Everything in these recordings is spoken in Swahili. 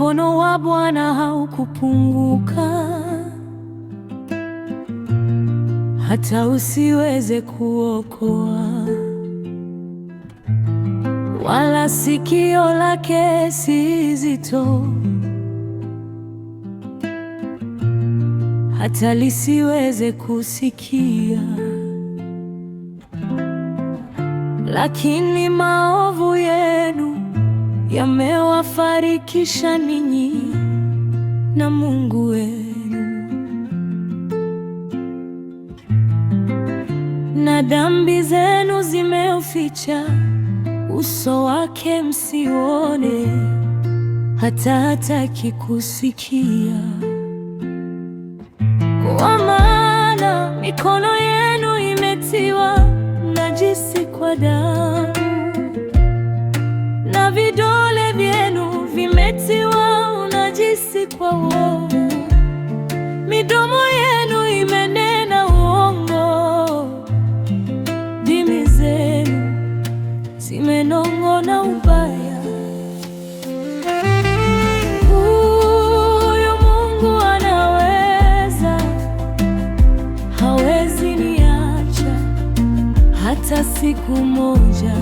Mkono wa Bwana haukupunguka hata usiweze kuokoa, wala sikio lake si zito hata lisiweze kusikia. Lakini maovu yenu yamewafarikisha ninyi na Mungu wenu, na dhambi zenu zimeuficha uso wake msione, hata hataki kusikia. Kwa maana mikono yenu imetiwa najisi kwa damu uovu, midomo yenu imenena uongo, ndimi zenu zimenong'ona ubaya. Huyu Mungu anaweza, hawezi niacha hata siku moja.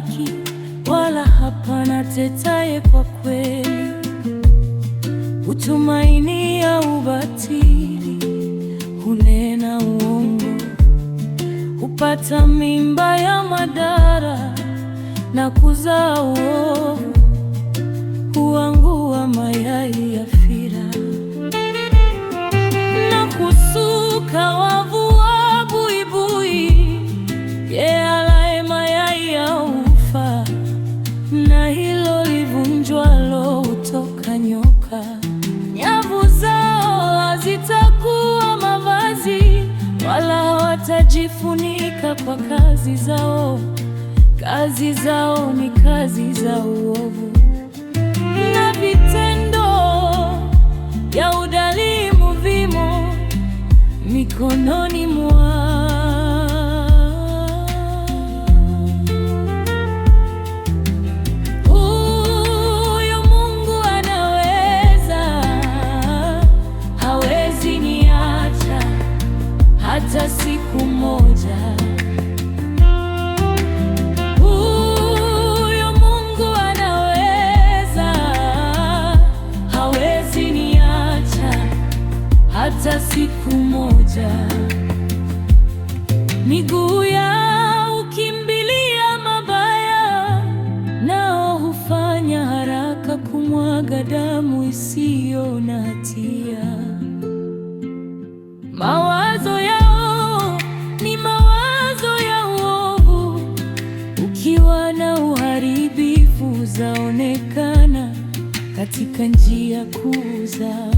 haki, wala hapana tetaye kwa kweli. ya ubatili, hunena uongo, hupata mimba ya madara na kuzaa uovu. wanajifunika kwa kazi za kazi zao ni kazi za uovu na vitendo ya udhalimu vimo mikononi hata siku moja. Huyo Mungu anaweza, hawezi niacha hata siku moja. Miguu katika njia kuu zao.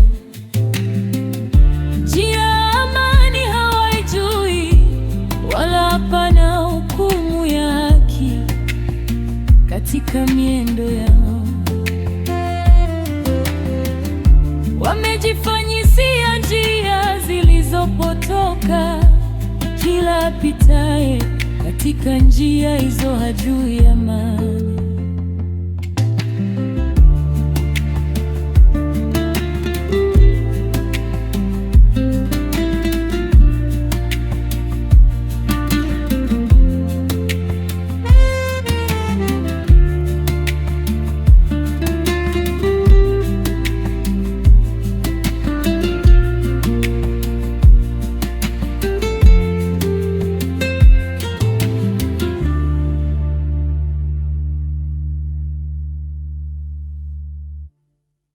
Njia amani hawaijui, wala hapana hukumu ya haki katika miendo yao. Wamejifanyisia njia zilizopotoka, kila apitaye katika njia hizo hajui amani.